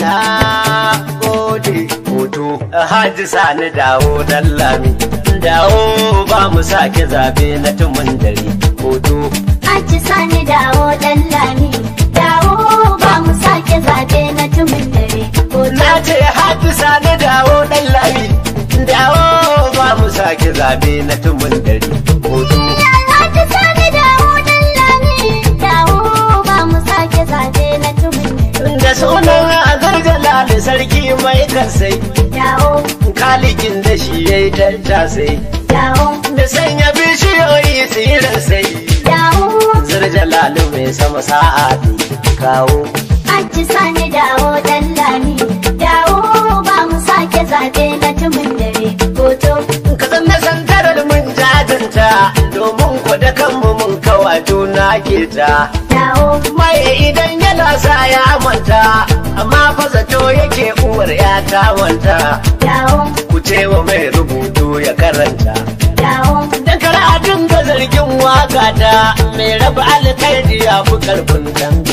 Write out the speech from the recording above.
Na gode hoto, Hajji sani dawo dallami, dawo ba mu sake zabe na tumun dare hoto. Hajji sani dawo dallami, dawo ba mu sake zabe na tumun dare hoto. Na ce Hajji sani dawo dallami, dawo ba mu sake zabe na tumun dare hoto. yi mai kansai kalikin da shi ya yi tattasai da sanya bishiyoyi tsirin sai zar jalalu mai sama sa'a kawo Aji sani dawo dan lami dawo ba mu sake zaɓe na tumin dare hoto ka san na tarar mun jajanta domin ku da kanmu mun kawa tuna ke ta dawo mai amma fa zato yake uwar ya kawanta. manta ku ce wa mai rubutu ya karanta da kar a dinga zargin waka ta mai raba alkhairi ya fi karfin kanka